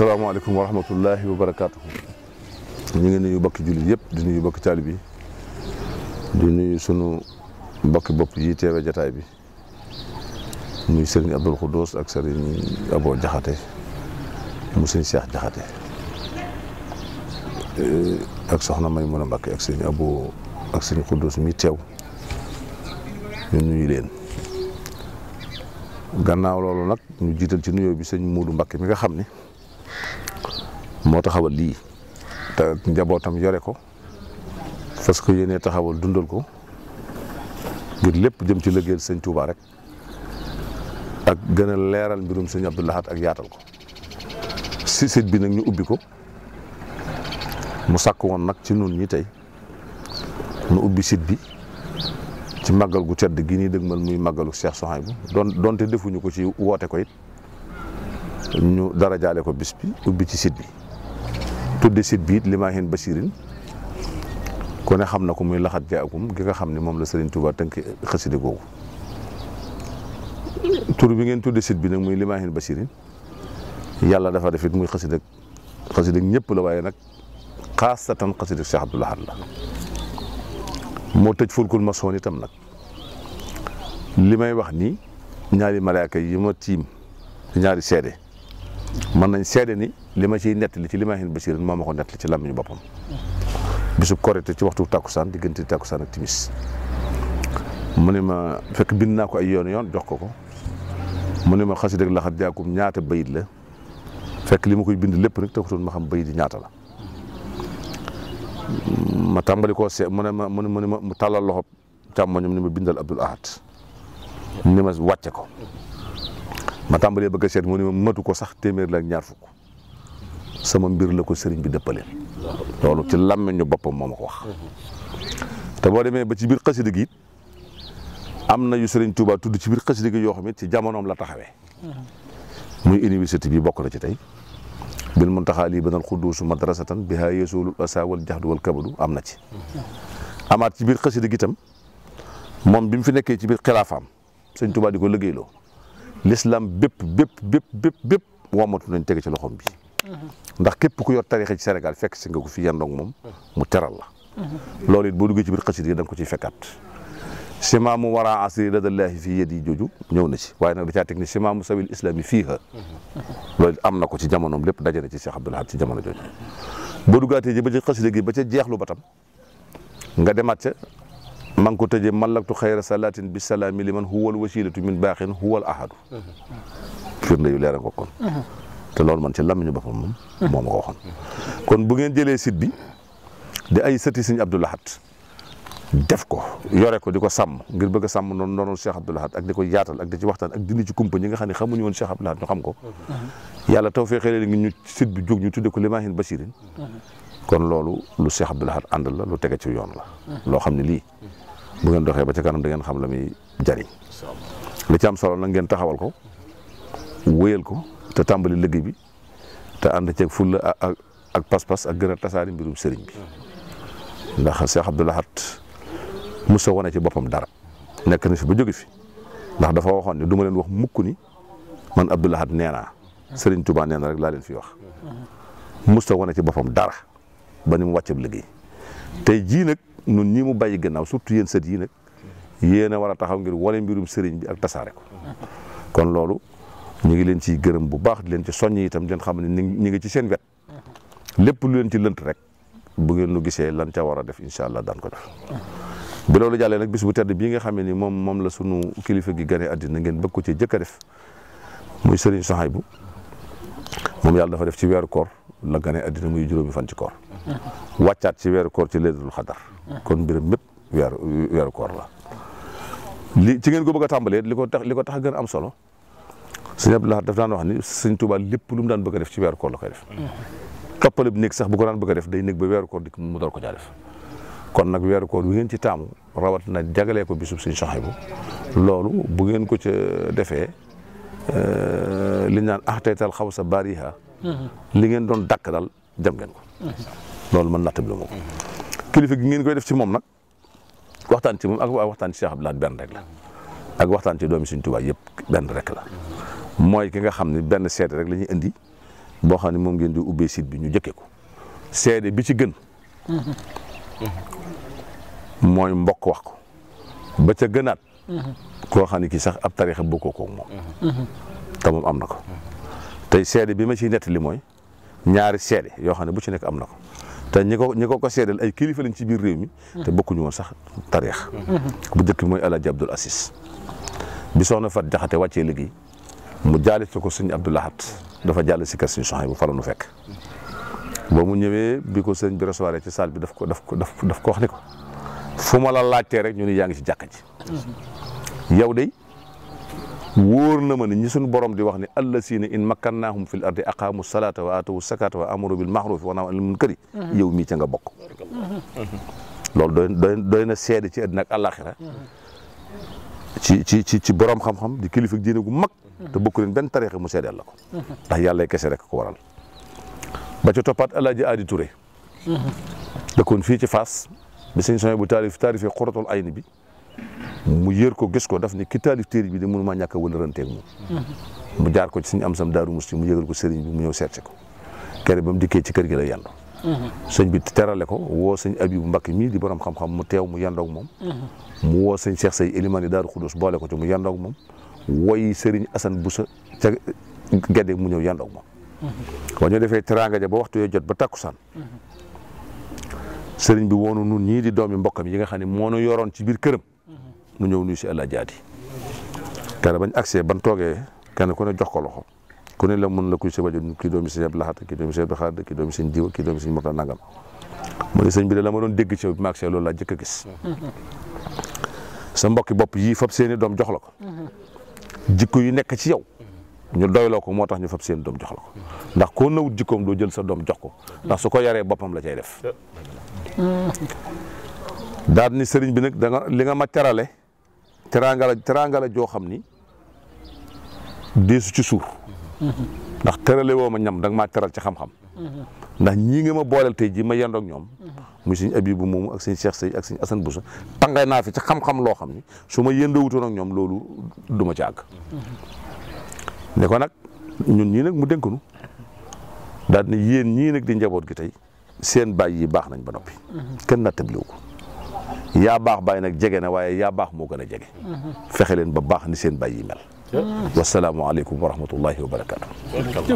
salaamaaleykum wa rahmatullahi wa barakaatu. ñu ngi nuyu bokki jullit yëpp di nuyu bokki taalib yi di nuyu sunu bokki bopp yi teewe jataay bi muy sëriñ ak sëriñ Jaxate mu sëriñ Seex Jaxate ak soxna May Muna Mbàkke ak sëriñ Abo ak sëriñ Khoudous mi teew ñu nuyu leen gannaaw loolu nag ñu jiital ci nuyoo bi sëñ Muudu Mbàkke mi nga xam ni moo taxawal lii te njabootam yore ko parce que yéenee taxawal dundal ko ngir lépp jëm ci liggéeyal sëñ Touba rek ak gën leeral mbirum sëñ Abdou ak yaatal ko si site bi nag ñu ubbi ko mu sakk woon nag ci nun ñi tey nu ubbi site bi ci màggal gu tedd gi ñuy dëgmal muy màggalu Cheikh Souhaïbou doon donte defuñu ko ci woote ko ñu dara jaale ko bis bi ubbi ci site bi tudde site bi it Limaahin Basirin ku ne xam na ko muy laxat jaakum gi nga xam ne moom la Serigne Touba tënk xaside googu tur bi ngeen tudde site bi nag muy Limaahin Basirin yàlla dafa def it muy xaside xaside ñëpp la waaye nag xaasatan xaside Cheikh Abdoul Ahad la moo tëj fulkul masoon itam nag li may wax ni ñaari malaaka yi ma tiim ñaari seede mën nañ seede ni li ma ciy nettali ci li ma xin Basiir moo ma ko nettali ci ñu boppam. bisu korite ci waxtu takkusaan diggante takkusaan ak timis mu ne ma fekk bind naa ko ay yoon yoon jox ko ko mu ne ma xasida ak laxat jaakum ñaata bayit la fekk li ma koy bind lépp nag taxutoon ma xam bayit ñaata la. ma tàmbali koo see mu ne ma mu ne ma mu tàllal loxo càmmoñam ni ma bindal Abdul Ahad ni ma wàcce ko ma tàmbalee bëgg a seet mu ma matu ko sax téeméer la ak ñaar fukk. sama mbir la ko sëriñ bi dëppale loolu ci làmmiñu boppam moo ma ko wax te boo demee ba ci biir xasida gi am na yu sëriñ Touba tudd ci biir xasida gi yoo xam it ci jamonoom la taxawee muy université bi bokk na ci tey bil muntaxaa lii banal xudduusu madrasatan bihaa yeesoolul asa wal jaxdu wal kabadu am na ci amaat ci biir xasida gi itam moom bi mu fi nekkee ci biir xilaafaam sëñ Touba di ko liggéeyloo l'islam bépp bépp bépp bépp bépp womatu nañ tege ci loxoom bi ndax képp ku yor tarixa ci Sénégal fekk si nga ko fi yandoog moom mu teral la loolu it boo duggee ci biir xasida yi da nga ko ciy fekkaat simaamu wara asri radallaahi fii yadi jooju ñëw na ci waaye nag da caa teg ni simaamu sawil islami fii ha loolu am na ko ci jamonoom lépp daja na ci Cheikh Abdoul Ahad ci jamono jooju boo duggaatee ji ba ci xasida gi ba ca jeexlu ba tam nga demaat ca maa ngi ko tëjee mallaktu xayra salatin bi salaami liman huwal wasilatu min baaxin huwal ahadu firnde yu leer nga kon te loolu man ci làmmiñu boppam moom moo ma kon bu ngeen jëlee site bi di ay sëti sëñ Abdou Lahad def ko yore ko di ko sàmm ngir bëgg a sàmm noonu noonu Cheikh Abdou Lahad ak di ko yaatal ak di ci waxtaan ak dindi ci kumpa ñi nga xam ne xamuñu woon Cheikh Abdou Lahad ñu xam ko yàlla taw fee xëy ngi ñu site bi jóg ñu tudde ko Limaahin Basirin kon loolu lu Cheikh Abdou Lahad ànd la lu tege ci yoon la loo xam ne lii bu ngeen doxee ba ca kanam da ngeen xam la muy jariñ li ci am solo nag ngeen taxawal ko ko te tàmbali liggéey bi te ànd ceeg fulla ak ak pas-pas ak gën a tasaari mbirum sëriñ bi ndax Cheikh Abdou Lahad musa wane ci boppam dara nekk na fi ba jóge fi ndax dafa waxoon ne du leen wax mukk ni man Abdou Lahad nee naa sëriñ Touba nee na rek laa leen fi wax musta wane ci boppam dara ba nu mu wàccab liggéey tey jii nag ñun ñii mu bàyyi gannaaw surtout yéen sët yii nag yéen a war taxaw ngir wane mbirum sëriñ bi ak tasaare ko kon loolu ñu ngi leen ciy gërëm bu baax leen ci soññ itam di leen xam ni ñu ngi ci seen wet lépp lu leen ci lënt rek bu ngeen nu gisee lan ca war a def incha allah daan ko def. bi loolu jàllee nag bis bu tedd bii nga xamee ni moom moom la sunu kilifa gi gane àddina ngeen bëgg ko ci jëkk a def muy Serigne Souhaïbou moom yàlla dafa def ci weeru koor la gane àddina muy juróomi fan ci koor. wàccaat ci weeru koor ci Laylatul Qadr. kon mbiram mépp weeru weeru koor la. ci ngeen ko bëgg a tàmbalee li ko tax li ko tax gën am solo. si Abdou Lahad daf daan wax ni sëñ Touba lépp lu mu daan bëgg def si weeru koor la koy def toppale bi néeg sax bu ko daan bëgg def day néeg ba weeru koor dikk mu door ko caa def kon nag weeru koor wi ngeen ci taamu rawat na jagalee ko bisub sëñ Souhaïbou loolu bu ngeen ko ca defee eh, li ñu naan axtaytal xaw sa bariha li ngeen doon dàkk daal jam ngeen ko loolu man natta bi la moom kilifa gi ngeen koy def si moom nag waxtaan ci moom ak waxtaan ci Cheikh Abdou Lahad benn rek la ak waxtaan ci doomi sëñ Touba yëpp benn rek la mooy ki nga xam ne benn seede rek la ñuy indi boo xam ne moom ngeen di ubbee site bi ñu jëkkee ko seede bi ci gën. mooy mbokk wax ko ba ca gënaat. koo xam ne kii sax ab tariixa bokkoo ko moom. am na ko. tey seede bi ma ciy nettali mooy ñaari seede yoo xam ne bu ci nekk am na ko te ñi ko ñi ko ko ay kilifa lañ ci biir réew mi. te bokkuñu woon sax tariix mm-hmm. bu njëkk bi mooy El Hadj Abdoul Aziz bi soxna Fat Jaxate wàccee liggéey. mu jaalise ko sëñ Abdou Lahad dafa jàll si kër sëñ Souhaïbou fa nu fekk ba mu ñëwee bi ko sëñ bi recevoir ci saal bi daf ko daf ko daf ko wax ni ko fu ma la laajtee rek ñu ni yaa ngi ci jàkka ji yow de wóor na ma ni ñu suñu borom di wax ni allasiina in makkannaahum fil ardi aqaamu salaata sakaat a sakaata wa amaru bil maxruufi wa nahaw anil munkari yow mii ca nga bokk loolu doy doy doy na seede ci àddina ak àllaaxira ci ci ci borom xam-xam di kilifa diine gu mag te bokku benn tariixa mu seedeel la ko. ndax yàlla kese rek ko waral. ba ci toppaat El Hadj Adi fii ci Fass bi sëñ Sonia bu taarif taarifee xoratul ni bi mu yër ko gis ko daf ni ki taalif téere bi de mënuma ñàkk a wëlëranteeg moom. mu jaar ko ci suñu am sam daaru musti mu yëgal ko sëriñ bi mu ñëw seet si ko kere ba mu dikkee ci kër gi la yàndoo. sëñ bi terale ko woo sëñ Abibu Mbàkke mii di borom xam-xam mu teew mu yandoog moom. mu woo sëñ Cheikh Say Elimani Daaru Xudus boole ko ci mu moom. woy Serigne Assane Boussa ca Gédé mu ñëw yandoog moom. boo ñu defee teraanga ja ba waxtu yooyu jot ba takkusaan. Serigne bi woonu nu ñii di doomi mbokkam yi nga xam ne moo nu yoroon ci biir këram. nu ñëw nuyu si El Hadj Diaty. kare bañ accès ban toogee kenn ku ne jox ko loxo ku ne la mun la kuy sa wajur kii doomi sëñ Abdou Lahad kii doomi sëñ Abdou Khadre kii doomi sëñ Diwa kii doomi sëñ Mouta Nangam. mu ne bi de la ma doon dégg ci bi ma accès loolu laa jëkk a gis. sa mbokki bopp yii fab seeni doom jox la jikko yu nekk ci yow ñu doyloo ko moo tax ñu fab seen doom jox la ko ndax koo nawut jikkoom doo jël sa doom jox ko ndax su ko yaree boppam la cay def daal ni sëriñ bi nag da li nga ma terale teraanga la teraanga la joo xam ni deesu ci suur ndax terale woo ma ñam da ma maa teral ci xam-xam ndax ñii nga ma booleel tey ji ma yendoog ñoom muy sëñ Abibu moomu ak sëñ Cheikh Sey ak sëñ Assane Boussa tàngay naa fi ci xam-xam loo xam ni su ma yëndawutoon ak ñoom loolu du ma ci àgg ne ko nag ñun ñii nag mu dénkunu daal ne yéen ñii nag di njaboot gi tey seen bàyyi yi baax nañ ba noppi kenn na tabliwu ko yaa baax bàyyi nag jege na waaye yaa baax moo gën a jege fexe leen ba baax ni seen bàyyi yi mel wasalaamualeykum wa rahmatullahi wa barakatu